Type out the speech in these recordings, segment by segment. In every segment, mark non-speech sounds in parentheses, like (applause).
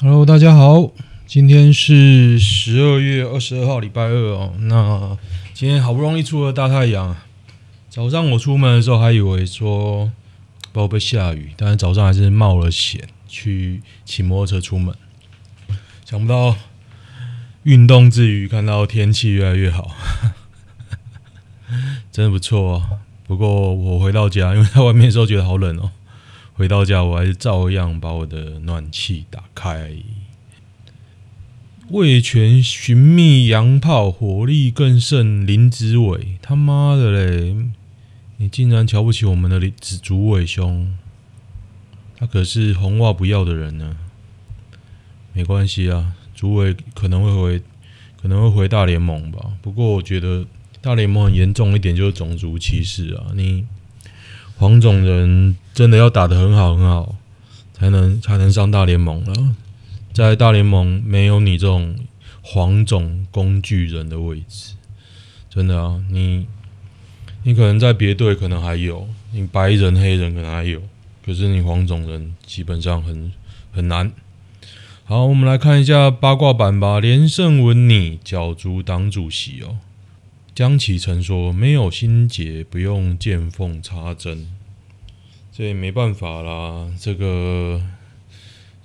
Hello，大家好，今天是十二月二十二號，禮拜二哦。那今天好不容易出了大太陽啊，早上我出門的時候還以為說會不會下雨，但是早上還是冒了險去騎摩托車出門，想不到運動之餘看到天氣越來越好，呵呵真的不錯哦。不過我回到家，因為在外面的時候覺得好冷哦。回到家，我還是照樣把我的暖氣打開。味全尋覓洋炮，火力更勝林子偉。他媽的嘞！你竟然瞧不起我們的林子竹偉兄，他可是紅襪不要的人呢、啊。沒關係啊，竹偉可能會回，可能會回大聯盟吧。不過我覺得大聯盟很嚴重一點，就是種族歧視啊。你黃種人。真的要打得很好很好，才能才能上大聯盟了。在大聯盟沒有你這種黃種工具人的位置，真的啊！你你可能在別隊可能還有，你白人黑人可能還有，可是你黃種人基本上很很難。好，我們來看一下八卦版吧。連勝文擬角逐黨主席哦。江啟臣說：“沒有心結，不用見縫插針。”對，沒辦法啦，這個，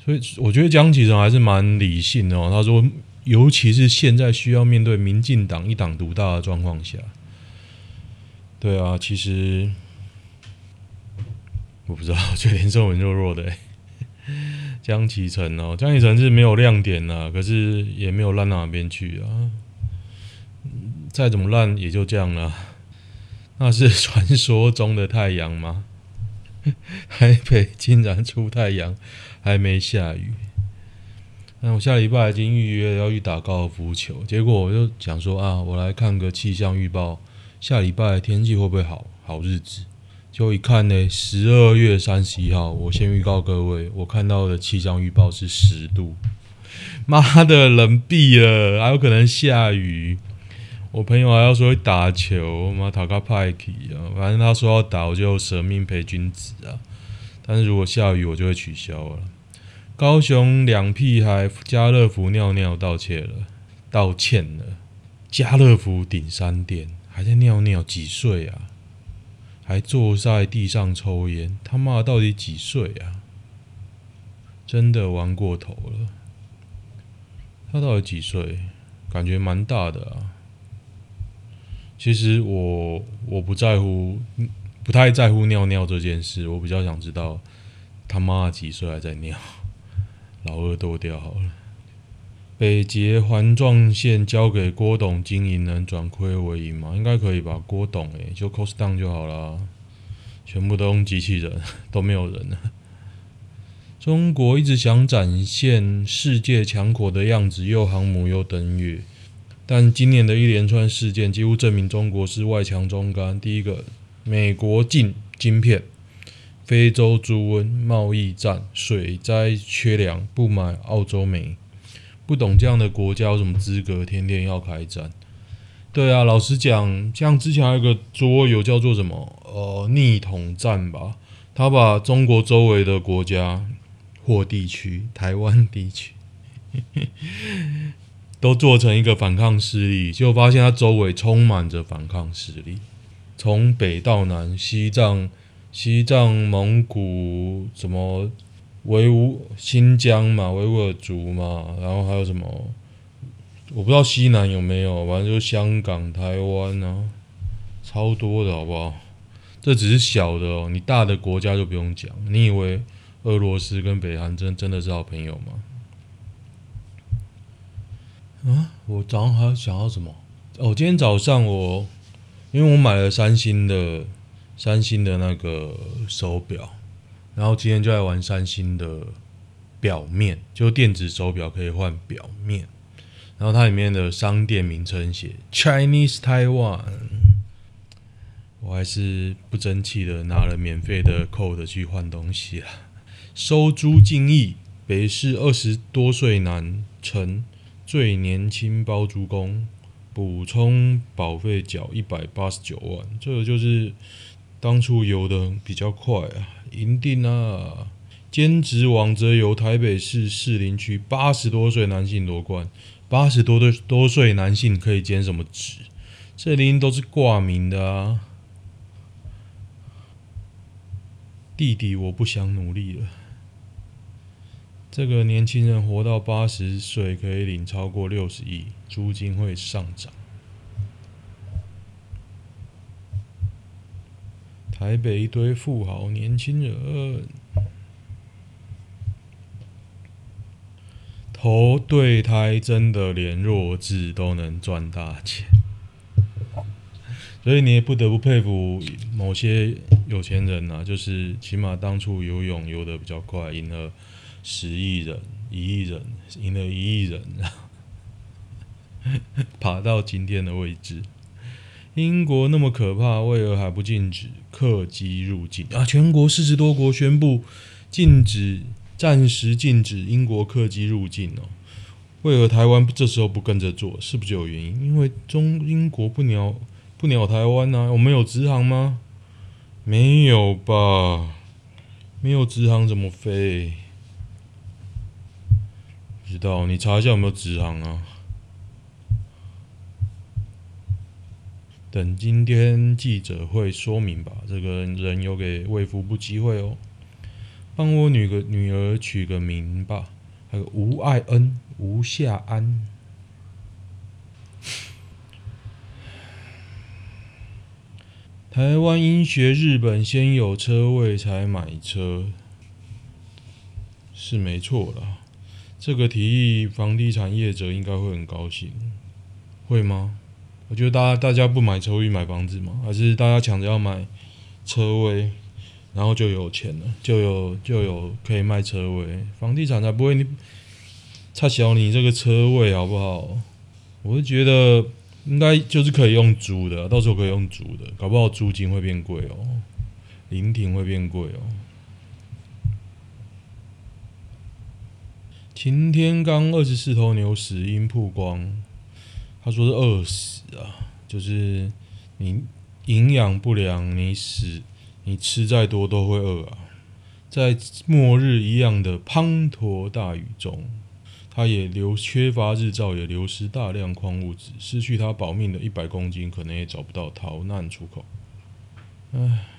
所以我覺得江啟臣還是蠻理性的、哦。他說，尤其是現在需要面對民進黨一黨獨大的狀況下，對啊，其實我不知道，這臉色很弱弱的。江啟臣哦，江啟臣是沒有亮點吶、啊，可是也沒有爛哪邊去啊，再怎麼爛也就這樣了、啊。那是傳說中的太陽嗎？台北竟然出太陽，還沒下雨。那我下禮拜已經預約要去打高爾夫球，結果我就想說啊，我來看個氣象預報，下禮拜天氣會不會好好日子？就一看呢，十二月三十一號，我先預告各位，我看到的氣象預報是十度，媽的，冷斃了，還有可能下雨。我朋友還要說會打球，他媽塔卡派提。反正他說要打，我就舍命陪君子啊。但是如果下雨，我就會取消了。高雄兩屁孩，家樂福尿尿道歉了，道歉了。家樂福鼎山店還在尿尿，幾歲啊？還坐在地上抽煙，他媽到底幾歲啊？真的玩過頭了。他到底幾歲？感覺蠻大的啊。其實我我不在乎，不太在乎尿尿這件事。我比較想知道他媽幾歲還在尿，老二都掉好了。北捷環狀線交給郭董經營能轉虧為盈嗎？應該可以吧？郭董誒就 cost down 就好了。全部都用機器人，都沒有人了。中國一直想展現世界強國的樣子，又航母又登月。但今年的一連串事件幾乎證明中國是外強中乾。第一個，美國禁晶片；非洲豬瘟、貿易戰、水災、缺糧、不買澳洲煤，不懂這樣的國家有什麼資格天天要開戰？對啊，老實講，像之前還有一個桌遊叫做什麼？呃，逆統戰吧，他把中國周圍的國家或地區、台灣地區。嘿嘿都做成一個反抗勢力，結果發現它週圍充滿着反抗勢力，從北到南，西藏、西藏、蒙古，什麼維吾新疆嘛，維吾爾族嘛，然後還有什麼，我不知道西南有沒有，反正就香港、台灣呢、啊，超多的好不好？這只是小的哦，你大的國家就不用講。你以為俄羅斯跟北韓真真的是好朋友嗎？嗯、啊，我早上還想要什麼？哦，今天早上我因為我買了三星的三星的那個手錶，然後今天就在玩三星的錶面，就電子手錶可以換錶面，然後它裡面的商店名稱寫 Chinese Taiwan，我還是不爭氣的拿了免費的 code 去換東西了、啊。收租金義北市二十多歲男陳。最年輕包租公補充保費繳一百八十九萬，這個就是當初游得比較快啊，贏定了啊。兼職王則由台北市士林區八十多歲男性奪冠，八十多歲多歲男性可以兼什麼職？這裡都是掛名的啊。弟弟，我不想努力了。這個年輕人活到八十歲，可以領超過六十億。租金會上漲。台北一堆富豪年輕人，投對胎真的連弱智都能賺大錢。所以你也不得不佩服某些有錢人吶、啊，就是起碼當初游泳游得比較快，因而。十億人，一億人，贏了一億人，啊 (laughs) 爬到今天的位置。英國那麼可怕，為何還不禁止客機入境啊？全國四十多國宣布禁止，暫時禁止英國客機入境哦。為何台灣這時候不跟着做？是不是有原因？因為中英國不鳥不鳥台灣啊？哦，我們有直航嗎？沒有吧？沒有直航怎麼飛？不知道，你查一下有沒有直航啊？等今天記者會說明吧。這個人有給衛福部機會哦，幫我女個，女兒取個名吧。還有吳愛恩、吳夏安。台灣應學日本，先有車位才買車，是沒錯啦。這個提議，房地產業者應該會很高興，會嗎？我覺得大家大家不買車位買房子嗎？還是大家搶着要買車位，然後就有錢了，就有就有可以賣車位，房地產才不會你，撤銷你這個車位好不好？我是覺得應該就是可以用租的，到時候可以用租的，搞不好租金會變貴哦，臨停會變貴哦。擎天崗二十四頭牛死因曝光，他說是餓死啊，就是你營養不良，你死，你吃再多都會餓啊。在末日一樣的滂沱大雨中，他也流缺乏日照，也流失大量礦物質，失去他保命的一百公斤，可能也找不到逃難出口。唉。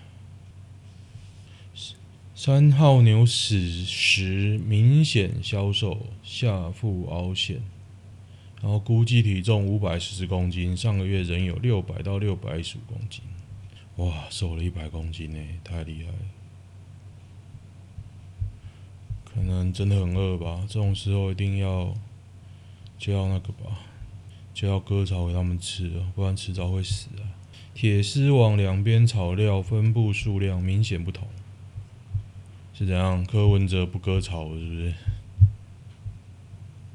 三號牛死時明顯消瘦，下腹凹陷，然後估計體重五百四十公斤，上個月仍有六百到六百一十五公斤，哇，瘦了一百公斤呢，太厲害了！可能真的很餓吧，這種時候一定要就要那個吧，就要割草給他們吃了，不然遲早會死啊！鐵絲網兩邊草料分布數量明顯不同。是怎樣？柯文哲不割草是不是？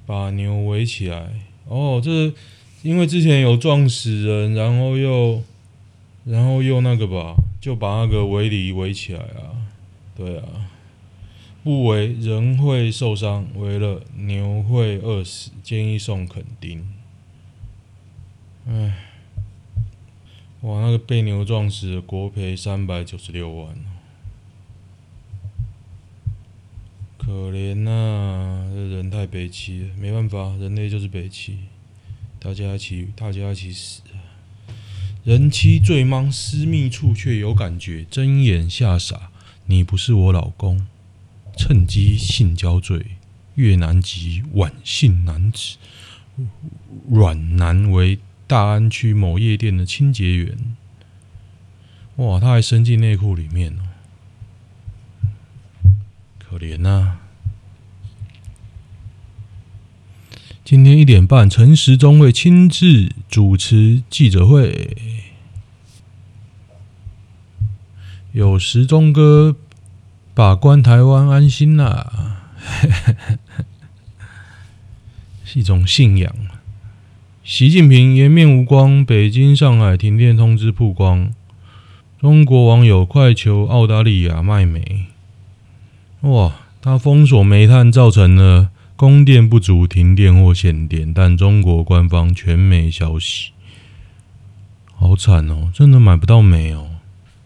把牛圍起來哦，這是因為之前有撞死人，然後又然後又那個吧，就把那個圍籬圍起來啊，對啊，不圍人會受傷，圍了牛會餓死，建議送墾丁。唉，哇，那個被牛撞死的國賠三百九十六萬。可憐吶、啊，這人太北七了，沒辦法，人類就是北七，大家一起，大家一起死、啊。人妻醉茫私密處卻有感覺，睜眼嚇傻，你不是我老公。趁機性交罪。越南籍阮姓男子阮南為大安區某夜店的清潔員。哇，他還伸進內褲裡面哦，可憐吶、啊。今天一點半，陳時中會親自主持記者會，有時中哥把關台灣安心啦、啊，是一種信仰。習近平顏面無光，北京、上海停電通知曝光，中國網友快求澳大利亞賣煤。哇，他封鎖煤炭造成了，供電不足，停電或限電，但中國官方全沒消息，好慘哦！真的買不到煤哦，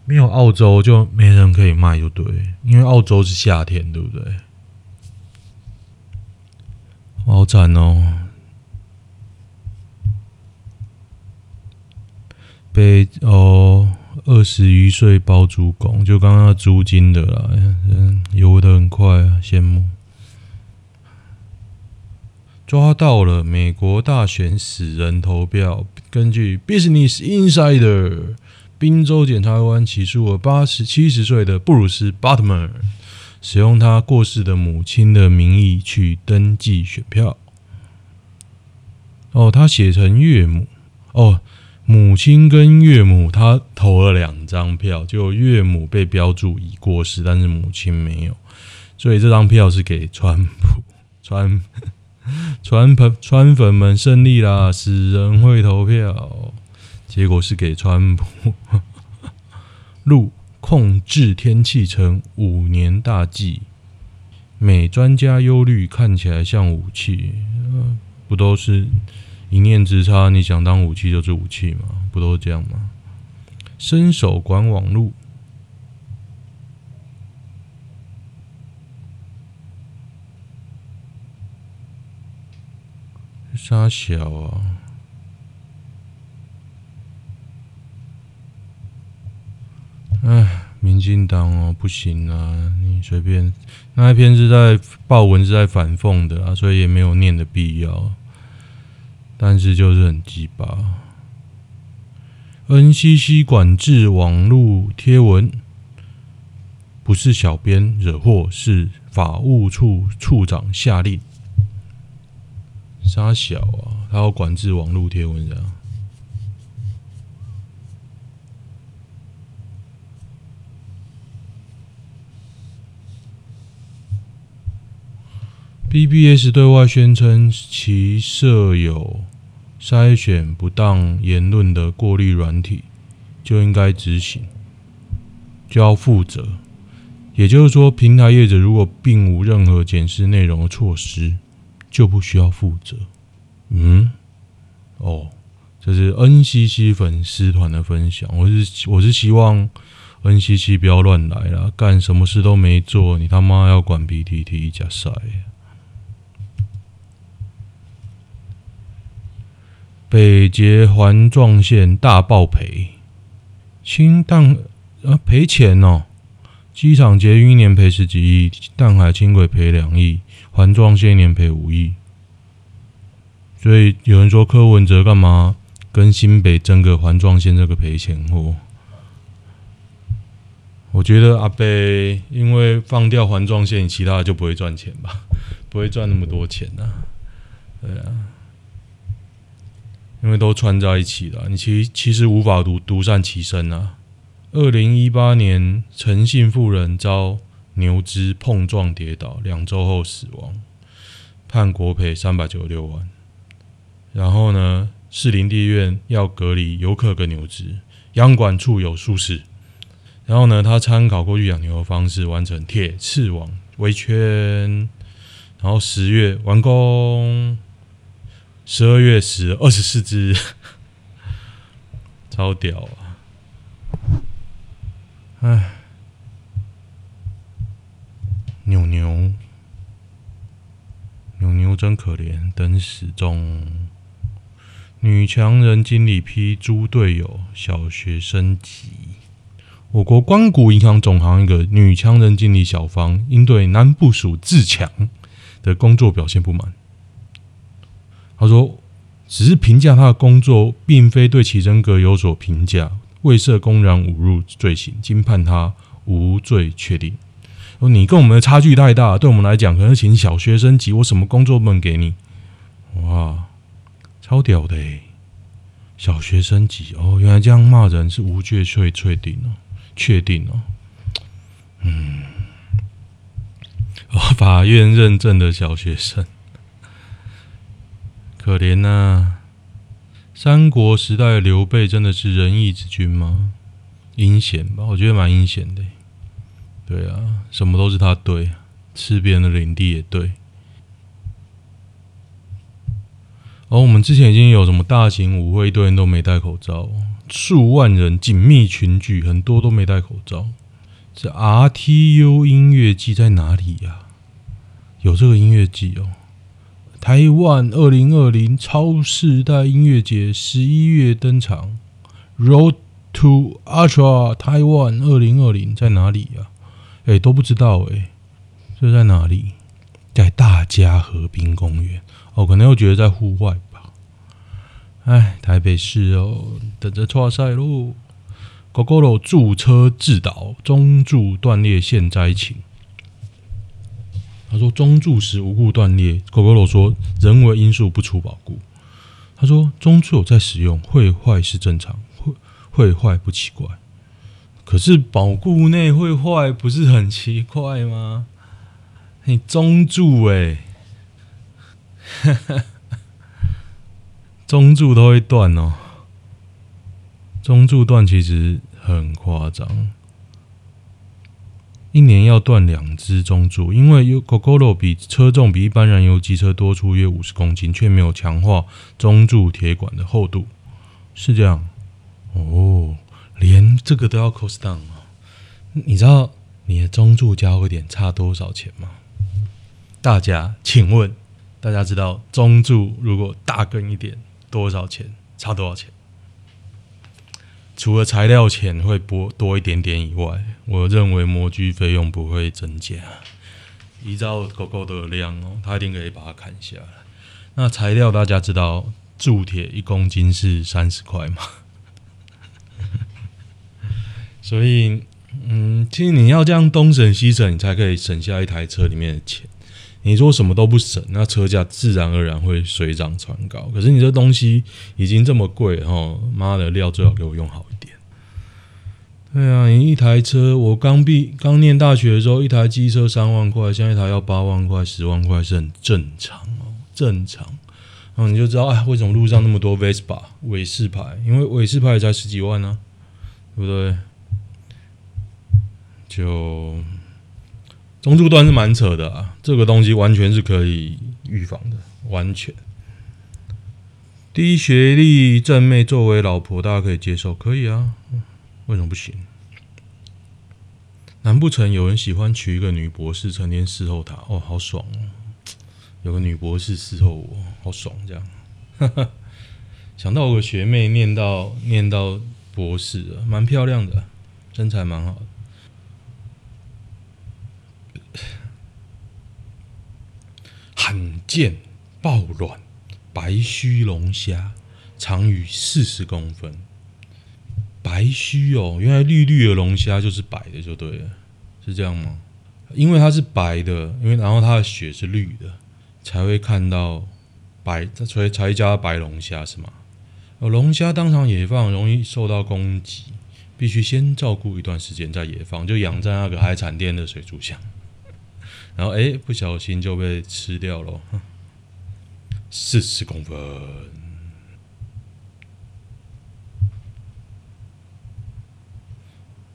沒有澳洲就沒人可以賣，就對，因為澳洲是夏天，對不對？好慘哦！被哦，二十餘歲包租公，就剛剛租金的啦，嗯，游的很快啊，羨慕。抓到了美國大選死人投票。根據《Business Insider》，賓州檢察官起訴了八十七十歲的布魯斯·巴特爾，使用他過世的母親的名義去登記選票。哦，他寫成岳母。哦，母親跟岳母，他投了兩張票，就岳母被標注已過世，但是母親沒有，所以這張票是給川普川。川朋川粉們勝利啦！死人會投票，結果是給川普。陸控制天氣成五年大計，美專家憂慮看起來像武器。不都是一念之差？你想當武器就是武器嗎？不都是這樣嗎？伸手管網路。啥小啊！哎，民進黨哦，不行啊！你隨便，那一篇是在報文是在反諷的啊，所以也沒有念的必要。但是就是很雞巴。NCC 管制網路貼文，不是小編惹禍，是法務處處長下令。沙小啊，他要管制網路貼文啊。BBS 對外宣稱其設有篩選不當言論的過濾軟體，就應該執行，就要負責。也就是說，平台業者如果並無任何檢視內容的措施，就不需要負責，嗯，哦，這是 NCC 粉絲團的分享，我是我是希望 NCC 不要亂來啦，幹什麼事都沒做，你他媽要管 PTT 一家塞，啊？北捷環狀線大爆賠，清淡呃賠、啊、錢哦，機場捷運一年賠十幾億，淡海輕軌賠兩億。環狀線一年賠五億，所以有人說柯文哲幹嘛跟新北爭個環狀線這個賠錢貨？我覺得阿北因為放掉環狀線，其他的就不會賺錢吧，不會賺那麼多錢吶、啊。對啊，因為都串在一起了、啊，你其其實無法獨獨善其身啊。二零一八年陳姓富人遭。牛只碰撞跌倒，兩周後死亡，判國賠三百九十六萬。然後呢，士林地院要隔離遊客跟牛只，陽管處有疏失。然後呢，他參考過去養牛的方式，完成鐵絲網圍圈。然後十月完工，十二月十二十四只， (laughs) 超屌啊！哎。牛牛，牛牛真可憐，等死中。女強人經理批豬隊友，小學生級。我國光谷銀行總行一個女強人經理小芳，因對男部署自強的工作表現不滿。她說：“只是評價他的工作，並非對其人格有所評價，未涉公然侮辱罪行，經判她無罪確定。”你跟我們的差距太大，對我們來講，可能請小學生級，我什麼工作不能給你？哇，超屌的、欸、小學生級哦，原來這樣罵人是無罪，確確定，定、嗯、哦，確定哦，嗯，哦，法院認證的小學生，可憐吶！三國時代的劉備真的是仁義之君嗎？陰險吧，我覺得蠻陰險的、欸。對啊，什麼都是他對，吃別人的領地也對。而、哦、我們之前已經有什麼大型舞會，一堆人都沒戴口罩，數萬人緊密群聚，很多都沒戴口罩。這 R T U 音樂季在哪裡呀、啊？有這個音樂季哦，台灣二零二零超世代音樂節十一月登場，Road to Ultra 台灣2020二零二零在哪裡呀、啊？哎、欸，都不知道哎、欸，這在哪裡？在大佳河濱公園哦，可能又覺得在戶外吧。哎，台北市哦，等着抓塞路。Gogoro 駐車自導中柱斷裂現災情。他說中柱時無故斷裂，Gogoro 說人為因素不出保固。他說中柱有在使用會壞是正常，會會壞不奇怪。可是，保固內會壞，不是很奇怪嗎？你、欸、中柱哎、欸，哈哈，中柱都會斷哦。中柱斷其實很誇張，一年要斷兩支中柱，因為 Gogoro 比車重比一般燃油機車多出約五十公斤，卻沒有強化中柱鐵管的厚度，是這樣哦。連這個都要 cost down 哦？你知道你的中柱交會點差多少錢嗎？大家請問，大家知道中柱如果大根一點，多少錢？差多少錢？除了材料錢會多一點點以外，我認為模具費用不會增加。依照狗狗的量哦，他一定可以把它砍下來。那材料大家知道，鑄鐵一公斤是三十塊嘛？所以，嗯，其實你要這樣東省西省，你才可以省下一台車裡面的錢。你說什麼都不省，那車價自然而然會水漲船高。可是你這東西已經這麼貴，哦，媽的料最好給我用好一點。對啊，你一台車，我剛畢剛念大學的時候，一台機車三萬塊，現在一台要八萬塊、十萬塊是很正常哦，正常。嗯、哦，你就知道，啊、哎，為什麼路上那麼多 Vespa 偉士牌？因為偉士牌也才十幾萬啊，對不對？就中度段是蠻扯的啊，這個東西完全是可以預防的，完全。低學歷正妹作為老婆，大家可以接受，可以啊，為什麼不行？難不成有人喜歡娶一個女博士，成天伺候她。哦，好爽哦！有個女博士伺候我，好爽，這樣。哈哈，想到我的學妹念到念到博士了，蠻漂亮的，身材蠻好的。罕見暴卵白鬚龍蝦長於四十公分，白鬚哦，原來綠綠的龍蝦就是白的就對了，是這樣嗎？因為它是白的，因為然後它的血是綠的，才會看到白，所以才加白龍蝦是嗎？哦、呃，龍蝦當場野放容易受到攻擊，必須先照顧一段時間再野放，就養在那個海產店的水族箱。然後哎，不小心就被吃掉了，四十公分。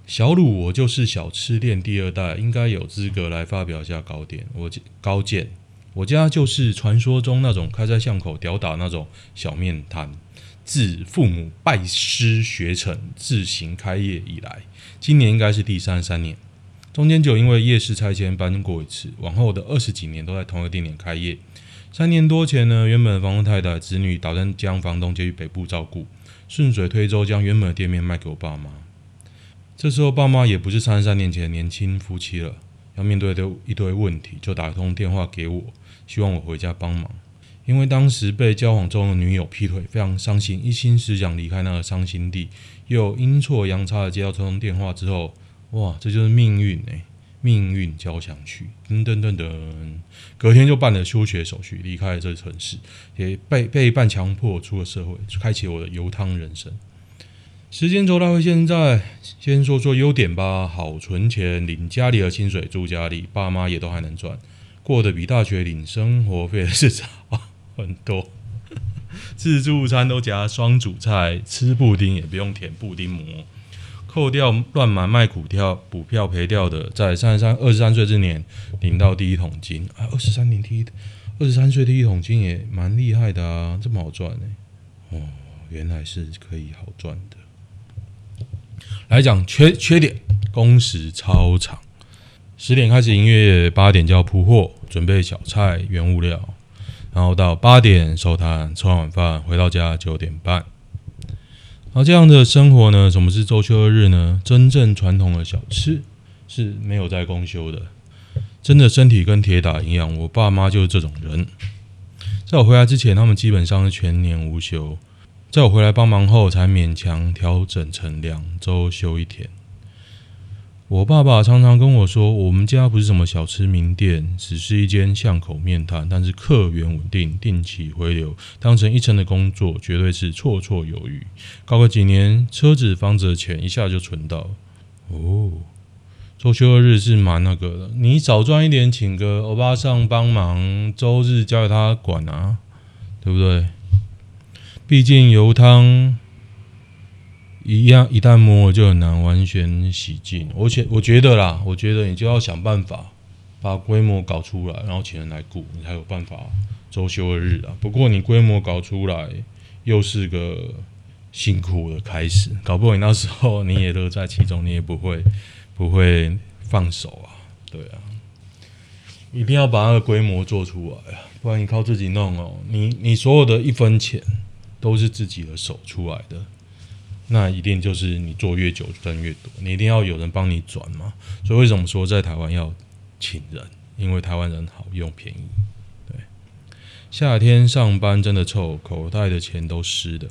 小魯，我就是小吃店第二代，應該有資格來發表一下高點。我高見，我家就是傳說中那種開在巷口屌打那種小麵攤。自父母拜師學成，自行開業以來，今年應該是第三十三年。中間就因為夜市拆遷搬過一次，往後的二十幾年都在同一個地點開業。三年多前呢，原本房東太太的子女打算將房東接去北部照顧，順水推舟將原本的店面賣給我爸媽。這時候爸媽也不是三十三年前年輕夫妻了，要面對的一堆問題，就打一通電話給我，希望我回家幫忙。因為當時被交往中的女友劈腿，非常傷心，一心只想離開那個傷心地，又陰錯陽差的接到這通電話之後。哇，這就是命運哎、欸！命運交響曲、嗯，噔噔噔，隔天就辦了休學手續，離開了這城市，也被被半強迫出了社會，開啟我的油湯人生。時間走到現在，先說說優點吧，好存錢，領家裡的薪水，住家裡，爸媽也都還能賺，過得比大學領生活費是差很多。 (laughs) 自助餐都夾雙主菜，吃布丁也不用舔布丁膜。扣掉亂買賣股票、股票賠掉的，在三十三、二十三歲之年領到第一桶金啊！二十三年第一，二十三歲第一桶金也蠻厲害的啊！這麼好賺呢、欸？哦，原來是可以好賺的。來講缺缺點，工時超長，十點開始營業，八點就要鋪貨、準備小菜、原物料，然後到八點收攤，吃完晚飯回到家九點半。好，這樣的生活呢？什麼是週休二日呢？真正傳統的小吃是沒有在公休的，真的身體跟鐵打一樣。我爸媽就是這種人，在我回來之前，他們基本上是全年無休；在我回來幫忙後，才勉強調整成兩週休一天。我爸爸常常跟我說，我們家不是什麼小吃名店，只是一間巷口麵攤，但是客源穩定，定期回流，當成一成的工作，絕對是綽綽有餘。搞個幾年，車子、房子的錢一下就存到。哦，周休二日是蠻那個的，你少賺一點，請個歐巴桑幫忙，周日交給他管啊，對不對？畢竟油湯。一樣，一旦摸了就很難完全洗淨。而且我覺得啦，我覺得你就要想辦法把規模搞出來，然後請人來顧，你才有辦法周休二日啊。不過你規模搞出來，又是個辛苦的開始。搞不好你那時候你也樂在其中，你也不會不會放手啊。對啊，一定要把那個規模做出來啊，不然你靠自己弄哦，你你所有的一分錢都是自己的手出來的。那一定就是你做越久賺越多，你一定要有人幫你轉嘛。所以為什麼說在台灣要請人？因為台灣人好用便宜。對，夏天上班真的臭，口袋的錢都濕的。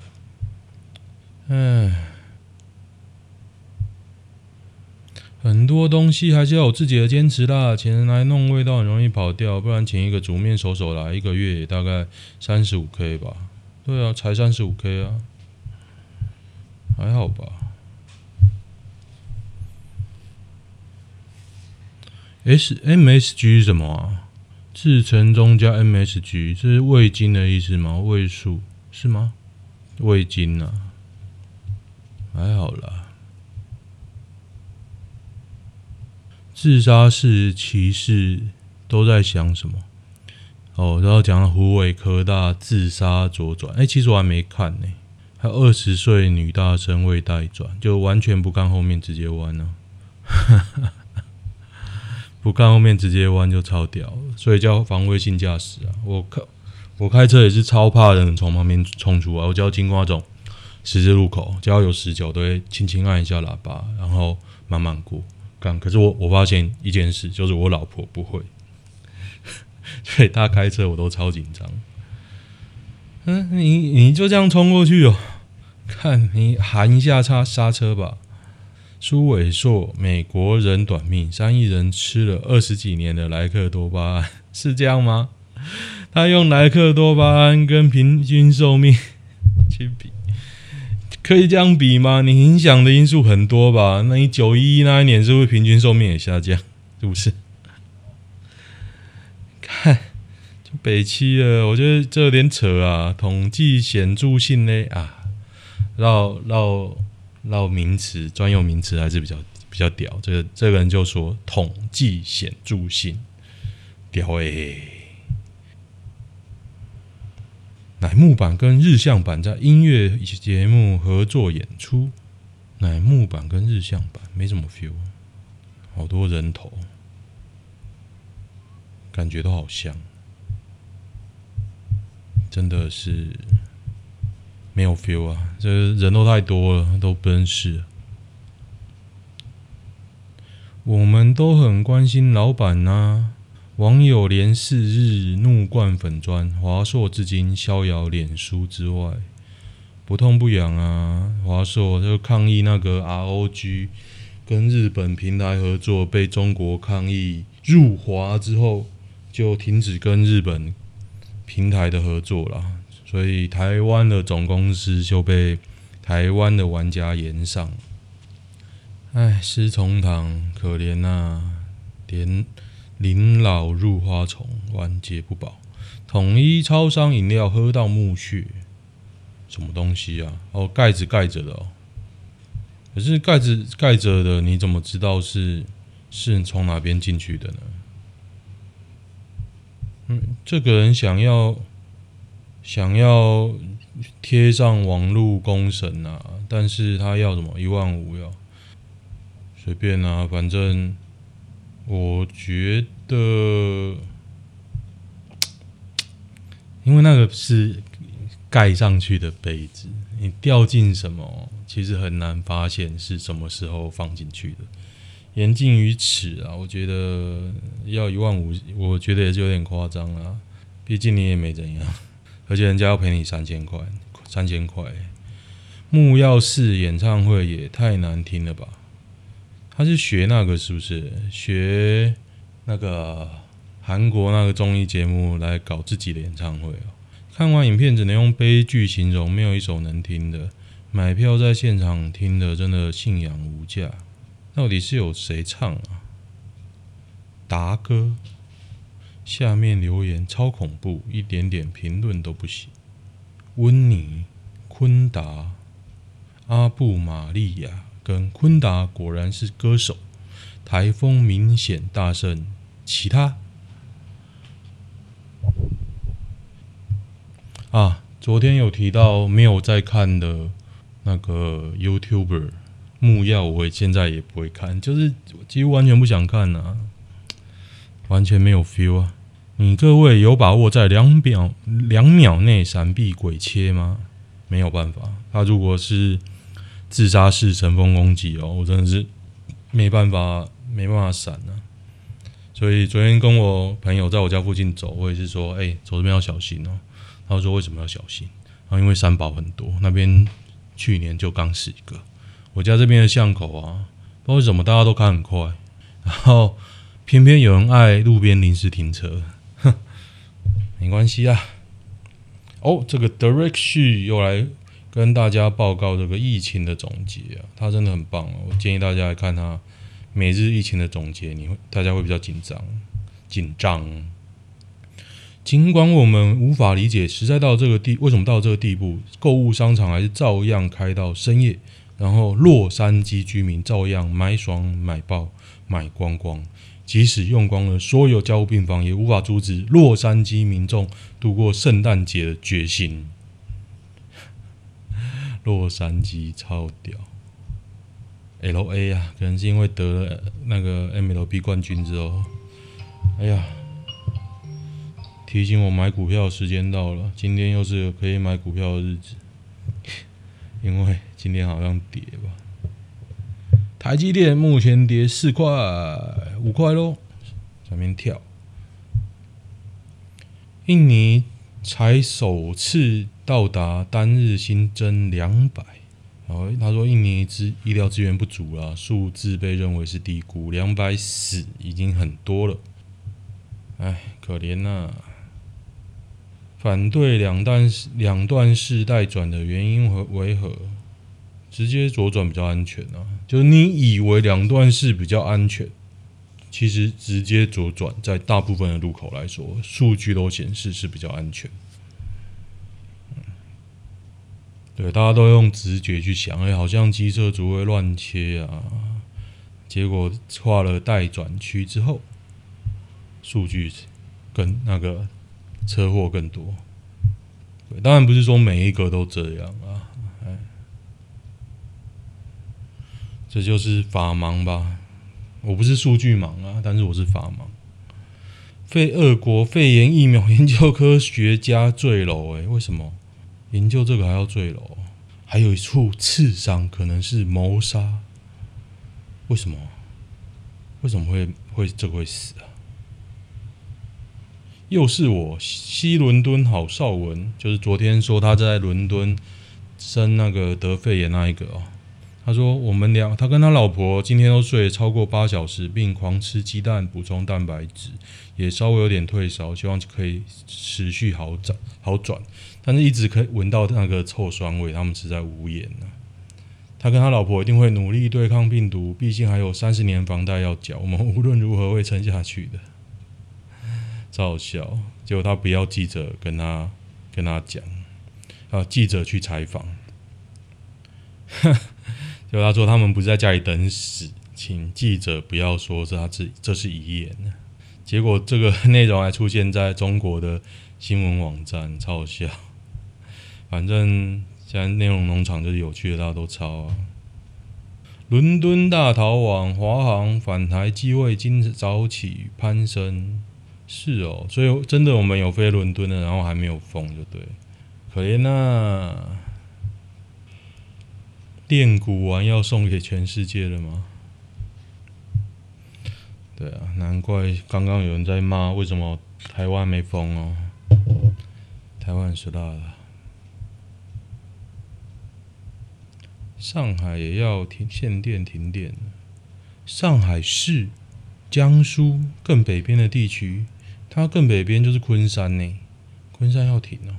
嗯，很多東西還是要有自己的堅持啦。請人來弄味道很容易跑掉，不然請一個煮麵手手來，一個月也大概三十五 K 吧。對啊，才三十五 K 啊。還好吧。SMSG 是什麼啊？字詞中加 MSG，這是味精的意思嗎？味素是嗎？味精啊，還好啦自。自殺式騎士都在想什麼？哦，然後講了，虎尾科大自殺左轉。哎、欸，其實我還沒看呢、欸。還有二十歲女大生未帶轉，就完全不看後面直接彎了，啊，不看後面直接彎就超屌，所以叫防衛性駕駛啊！我靠我開車也是超怕人從旁邊衝出來，我只要經過那種十字路口，只要有死角都會輕輕按一下喇叭，然後慢慢過。剛可是我我發現一件事，就是我老婆不會，所以她開車我都超緊張。嗯，你你就這樣衝過去哦，看你喊一下剎剎車吧。蘇偉碩，美國人短命，三億人吃了二十幾年的萊克多巴胺，是這樣嗎？他用萊克多巴胺跟平均壽命去比，可以這樣比嗎？你影響的因素很多吧？那你九一一那一年是不是平均壽命也下降？是不是？北七啊，我覺得這有點扯啊！統計顯著性呢啊，繞繞繞名詞，專有名詞還是比較比較屌。這個這個人就說統計顯著性屌誒、欸。乃木坂跟日向坂在音樂節目合作演出，乃木坂跟日向坂沒什麼 feel，、啊、好多人頭，感覺都好香。真的是沒有 feel 啊！這、就是、人都太多了，都不認識。我們都很關心老闆呐、啊。網友連四日怒灌粉專，華碩至今逍遙臉書之外，不痛不癢啊。華碩就抗議那個 ROG 跟日本平台合作被中國抗議入華之後，就停止跟日本。平台的合作啦，所以台灣的總公司就被台灣的玩家炎上。唉，失重堂可憐吶、啊，連臨老入花叢，晚節不保。統一超商飲料喝到墓穴，什麼東西啊？哦，蓋子蓋着的哦。可是蓋子蓋着的，你怎麼知道是是從哪邊進去的呢？嗯，這個人想要想要貼上網絡工程啊，但是他要什麼一萬五要隨便啦，啊，反正我覺得，因為那個是蓋上去的杯子，你掉進什麼，其實很難發現是什麼時候放進去的。言盡於此啊！我覺得要一萬五，我覺得也是有點誇張啊。畢竟你也沒怎樣，而且人家要賠你三千塊，三千塊、欸。木曜四演唱會也太難聽了吧？他是學那個是不是？學那個韓國那個綜藝節目來搞自己的演唱會哦、喔？看完影片只能用悲劇形容，沒有一首能聽的。買票在現場聽的，真的信仰無價。到底是有誰唱啊？達哥，下面留言超恐怖，一點點評論都不行。溫尼、昆達、阿布瑪利亞跟昆達果然是歌手。颱風明顯大勝其他。啊，昨天有提到沒有在看的那個 YouTuber。木曜，我現在也不會看，就是幾乎完全不想看吶、啊，完全沒有 feel 啊！你各位有把握在兩秒兩秒內閃避鬼切嗎？沒有辦法，他如果是自殺式神風攻擊哦，我真的是沒辦法沒辦法閃呢、啊。所以昨天跟我朋友在我家附近走，我也是說，哎、欸，走這邊要小心哦。他說，為什麼要小心？啊，因為三寶很多，那邊去年就剛死一個。我家這邊的巷口啊，不知道為什麼大家都開很快，然後偏偏有人愛路邊臨時停車，哼，沒關係啊。哦，這個 Direct x 又來跟大家報告這個疫情的總結啊，它真的很棒哦，我建議大家來看它每日疫情的總結，你會大家會比較緊張，緊張。儘管我們無法理解，實在到這個地為什麼到這個地步，購物商場還是照樣開到深夜。然後洛杉磯居民照樣買爽買爆買光光，即使用光了所有加護病房，也無法阻止洛杉磯民眾度過聖誕節的決心。洛杉磯超屌，LA 啊，可能是因為得了那個 MLB 冠軍之後，哎呀，提醒我買股票的時間到了，今天又是可以買股票的日子，因為。今天好像跌吧，台積電目前跌四塊五塊咯。下面跳。印尼才首次到達單日新增兩百，然後他說印尼資醫療資源不足啦，數字被認為是低估，兩百死已經很多了，哎，可憐呐。反對兩段兩段式待轉的原因和為何？直接左轉比較安全啊，就你以為兩段是比較安全，其實直接左轉在大部分的路口來說，數據都顯示是比較安全。對，大家都用直覺去想，哎、欸，好像機車族會亂切啊，結果畫了待轉區之後，數據跟那個車禍更多。對，當然不是說每一個都這樣啊。這就是法盲吧？我不是數據盲啊，但是我是法盲。非俄國肺炎疫苗研究科學家墜樓、欸，誒為什麼研究這個還要墜樓？還有一處刺傷，可能是謀殺。為什麼？為什麼會會這會死啊？又是我，西倫敦郝少文，就是昨天說他在倫敦生那個得肺炎那一個哦。他說：“我們兩，他跟他老婆今天都睡超過八小時，並狂吃雞蛋補充蛋白質，也稍微有點退燒，希望可以持續好轉好轉。但是一直可以聞到那個臭酸味，他們實在無言了、啊。他跟他老婆一定會努力對抗病毒，畢竟還有三十年房貸要繳。我們無論如何會撐下去的。”笑笑，結果他不要記者跟他跟他講，啊，記者去採訪，哈。就他說他們不是在家裡等死，請記者不要說是他這這是遺言。結果這個內容還出現在中國的新聞網站，超像。反正現在內容農場就是有趣的，大家都抄啊。嗯、倫敦大逃亡，華航返台機位今早起攀升。是哦，所以真的我們有飛倫敦的，然後還沒有封，就對。可憐啊。電鼓玩，要送給全世界了嗎？對啊，難怪剛剛有人在罵，為什麼台灣沒封哦？台灣是辣的，上海也要停限電、停電。上海市、江蘇更北邊的地區，它更北邊就是昆山呢，昆山要停哦，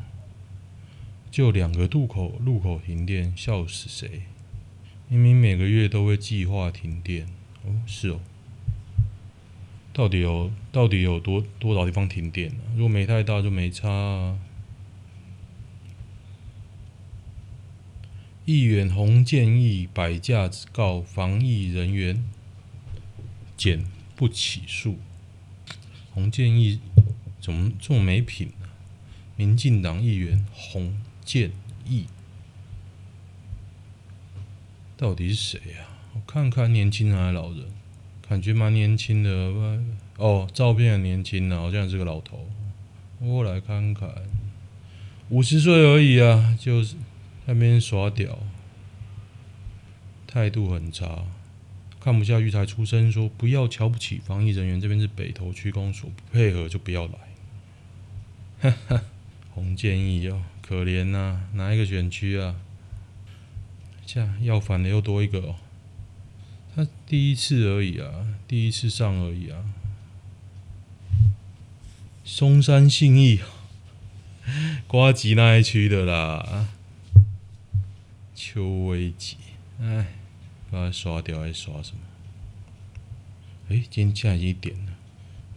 就兩個渡口、路口停電，笑死誰？明明每個月都會計劃停電，哦，是哦。到底有到底有多多少地方停電呢？如果沒太大就沒差啊。議員洪建義擺架子告防疫人員，檢不起訴。洪建義怎麼，這麼沒品呢？、啊？民進黨議員洪建義。到底是誰呀、啊？我看看，年輕人還是老人？感覺蠻年輕的哦，照片很年輕呢、啊，好像是個老頭。我來看看，五十歲而已啊，就是在那邊耍屌，態度很差，看不下去才出聲說不要瞧不起防疫人員。這邊是北投區公所，不配合就不要來。哈哈，洪建義哦，可憐吶、啊，哪一個選區啊？這要反的又多一個哦，他、啊，第一次而已啊，第一次上而已啊。松山信義，呱吉那一區的啦。邱威傑，哎，把他刷掉還是刷什麼？哎、欸，今天已經一點了，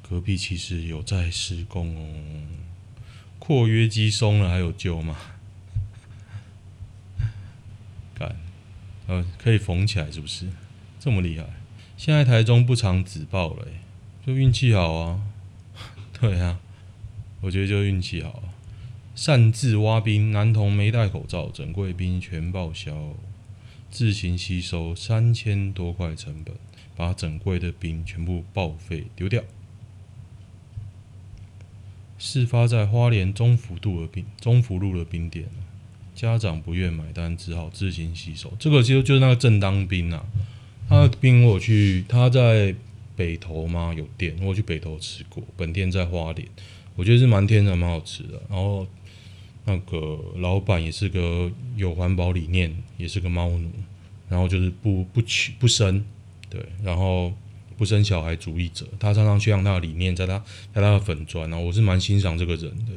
隔壁其實有在施工哦。括約肌鬆了還有救嗎？呃，可以縫起來是不是？這麼厲害？現在台中不常自爆了，就運氣好啊。 (laughs) 對啊，我覺得就運氣好啊。擅自挖冰，男童沒戴口罩，整櫃冰全報銷。自行吸收三千多塊成本，把整櫃的冰全部報廢丟掉。事發在花蓮中福路的冰，中福路的冰店。家長不願買單，只好自行吸收。這個其實就是那個正當冰啊，他的冰我去他在北投嘛有店，我去北投吃過，本店在花蓮，我覺得是蠻天然蠻好吃的。然後那個老板也是個有環保理念，也是個貓奴，然後就是不不娶不生，對，然後不生小孩主義者，他常常去讓他的理念在他在他的粉專然後我是蠻欣賞這個人的。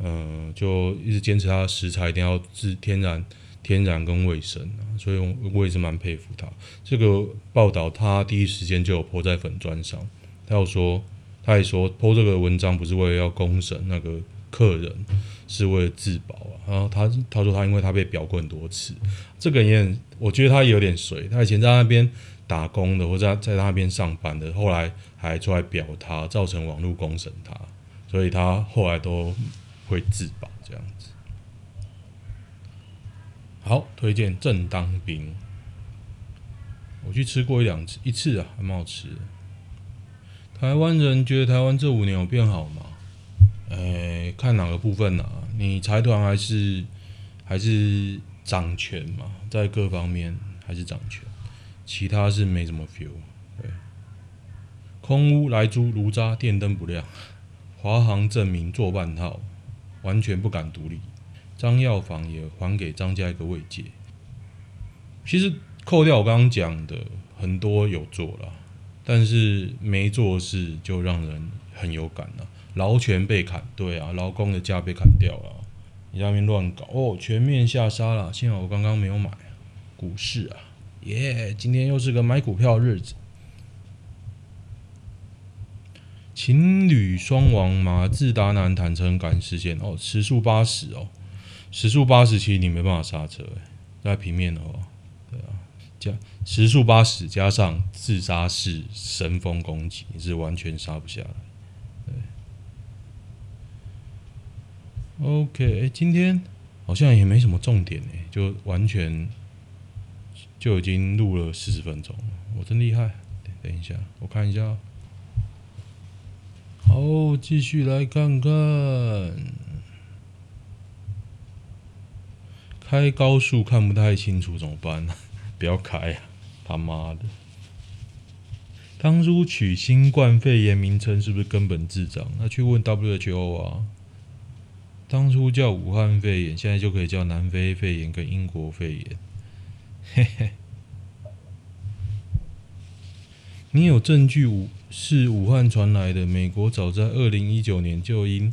嗯、呃，就一直堅持他的食材一定要是天然、天然跟衛生、啊、所以，我也是蠻佩服他。這個報道他第一時間就有 po 在粉專上，他有說，他也說，po 這個文章不是為了要公審那個客人，是為了自保啊。他他說他因為他被表過很多次，這個人我覺得他也有點水。他以前在那邊打工的，或在在那邊上班的，後來還出來表他，造成網絡公審他，所以他後來都。會自保這樣子。好，推薦正當兵。我去吃過一兩次，一次啊，還蠻好吃的。台灣人覺得台灣這五年有變好嗎？哎，看哪個部分呢、啊？你財團還是還是掌權嘛，在各方面還是掌權，其他是沒怎麼 feel。對，空污萊豬爐渣，電燈不亮。華航正名做半套。完全不敢獨立，張藥房也還給張家一個慰藉。其實扣掉我剛剛講的很多有做了，但是沒做事就讓人很有感了。勞權被砍，對啊，勞工的假被砍掉了，你在那邊亂搞哦，全面下殺了。幸好我剛剛沒有買股市啊，耶、Yeah！今天又是個買股票的日子。情侶雙亡嘛，馬自達男坦誠趕時間哦，時速八十哦，時速八十，其實你沒辦法剎車，欸、在平面哦，對啊，加時速八十加上自殺式神風攻擊，你是完全剎不下來。對，OK，今天好像也沒什麼重點誒、欸，就完全就已經錄了四十分鐘了，我、哦、真厲害。等一下，我看一下。好，繼續來看看。開高速看不太清楚，怎麼辦呢？ (laughs) 不要開啊！他媽的！當初取新冠肺炎名稱是不是根本智障？那去問 WHO 啊！當初叫武漢肺炎，現在就可以叫南非肺炎跟英國肺炎。嘿嘿，你有證據是武漢傳來的。美國早在二零一九年就因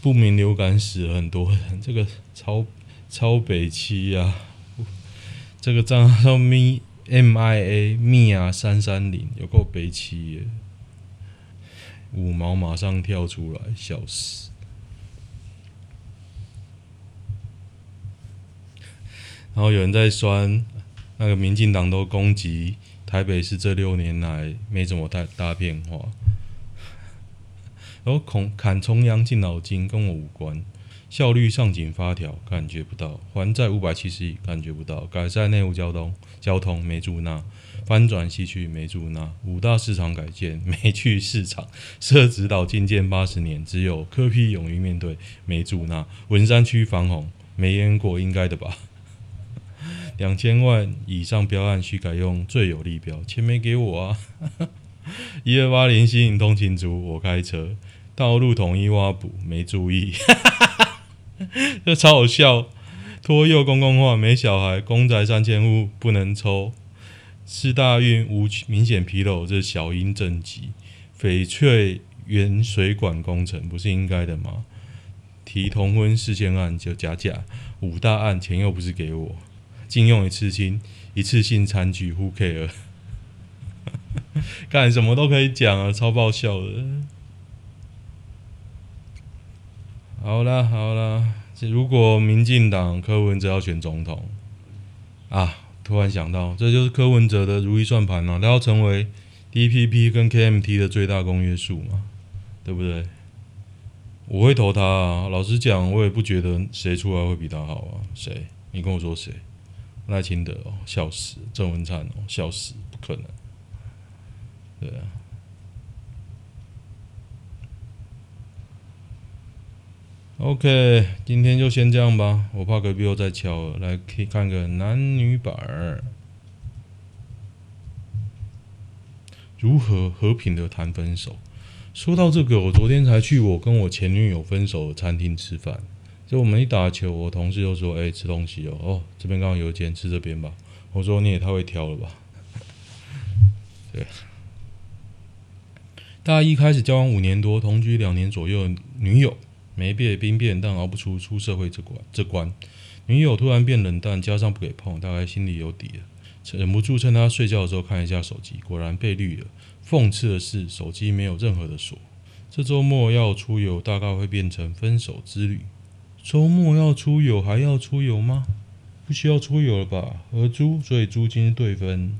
不明流感死了很多人。這個超超北七啊，這個賬號咪 MIA MIA 三三零，有夠北七耶！五毛馬上跳出來笑死。然後有人在酸，那個民進黨都攻擊。台北市這六年來沒怎麼太大變化，然後恐砍重陽敬老金跟我無關，效率上緊發條感覺不到，還債五百七十億感覺不到，改善內務交通交通沒住那，翻轉西區沒住那，五大市場改建沒去市場，社子島禁建八十年只有柯 P 勇於面對沒住那，文山區防洪沒淹過應該的吧。兩千萬以上標案需改用最有利標，錢沒給我啊！一二八零吸引通勤族，我開車，道路統一挖補，沒注意，這超好笑。托幼公共化沒小孩，公宅三千戶不能抽。四大運無明顯紕漏，這小英政績。翡翠原水管工程不是應該的嗎？提同婚事件案就假假，五大案錢又不是給我。禁用一次性一次性餐具，Who care 了，幹什麼都可以講啊，超爆笑的。好啦好啦，這如果民進黨柯文哲要選總統，啊，突然想到，這就是柯文哲的如意算盤呢、啊。他要成為 DPP 跟 KMT 的最大公約數嘛，對不對？我會投他啊。老實講，我也不覺得誰出來會比他好啊。誰？你跟我說誰？賴清德哦，笑死！鄭文燦哦，笑死！不可能，對啊。OK，今天就先這樣吧，我怕隔壁又在敲了。來，可以看個男女版，如何和平的談分手？說到這個，我昨天才去我跟我前女友分手的餐廳吃飯。就我們一打球，我同事就說：“哎、欸，吃東西哦。”哦，這邊剛好有間，吃這邊吧。我說：“你也太會挑了吧？”對。大一一開始交往五年多，同居兩年左右，女友沒變兵變，但熬不出出社會這關。這關，女友突然變冷淡，加上不給碰，大概心裡有底了，忍不住趁她睡覺的時候看一下手機，果然被綠了。諷刺的是，手機沒有任何的鎖。這周末要出遊，大概會變成分手之旅。週末要出遊，還要出遊嗎？不需要出遊了吧？合租，所以租金是對分。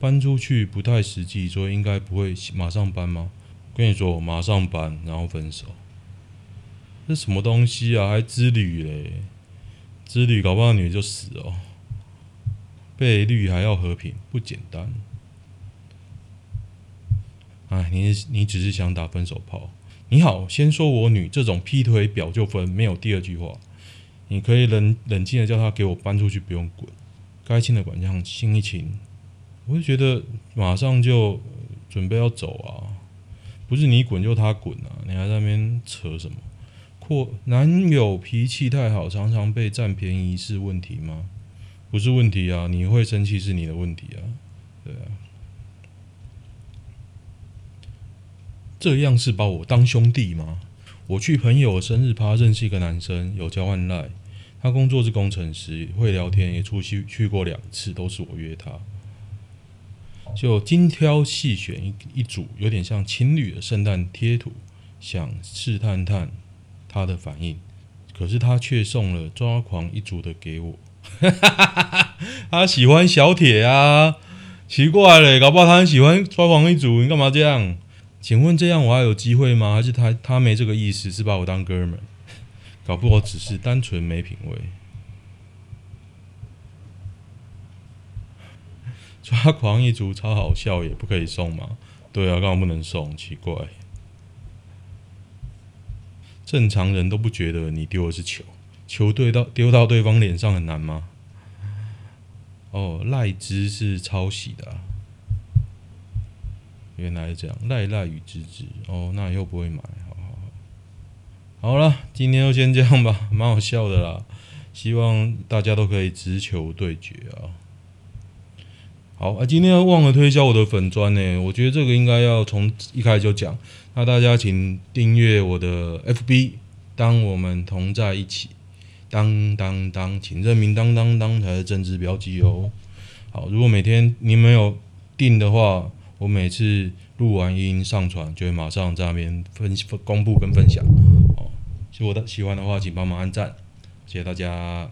搬出去不太實際，所以應該不會馬上搬嗎？跟你說，我馬上搬，然後分手。這什麼東西啊？還之旅嘞？之旅搞不好女人就死哦。被綠還要和平，不簡單。哎，你你只是想打分手炮。你好，先說我女這種劈腿錶就分，沒有第二句話。你可以冷冷靜的叫她給我搬出去，不用滾。該清的款項清一清。我就覺得馬上就準備要走啊，不是你滾就他滾啊，你還在那邊扯什麼？或男友脾氣太好，常常被佔便宜是問題嗎？不是問題啊，你會生氣是你的問題啊，對啊。這樣是把我當兄弟嗎？我去朋友生日趴認識一個男生，有交換賴，他工作是工程師，會聊天，也出去去過兩次，都是我約他。就精挑細選一一組，有點像情侶的聖誕貼圖，想試探探他的反應，可是他卻送了抓狂一組的給我。 (laughs) 他喜歡小鐵啊，奇怪嘞，搞不好他很喜歡抓狂一組，你幹嘛這樣？請問這樣我還有機會嗎？還是他他沒這個意思，是把我當哥們？搞不好只是單純沒品味。抓狂一族超好笑，也不可以送嗎？對啊，幹嘛不能送？奇怪，正常人都不覺得你丟的是球，球對到丟到對方臉上很難嗎？哦，賴枝是抄襲的啊。原來是這樣，賴賴與吱吱哦，那又不會買，好好好，好了，今天就先這樣吧，蠻好笑的啦，希望大家都可以直球對決啊。好啊，今天忘了推銷我的粉專呢。我覺得這個應該要從一開始就講，那大家請訂閱我的 FB，當我們同在一起，當當當，請認明當當當才是正字標記哦。好，如果每天您沒有訂的話。我每次錄完音，音上傳，就會馬上在那邊分公布跟分享哦。如果喜歡的話，請幫忙按讚，謝謝大家。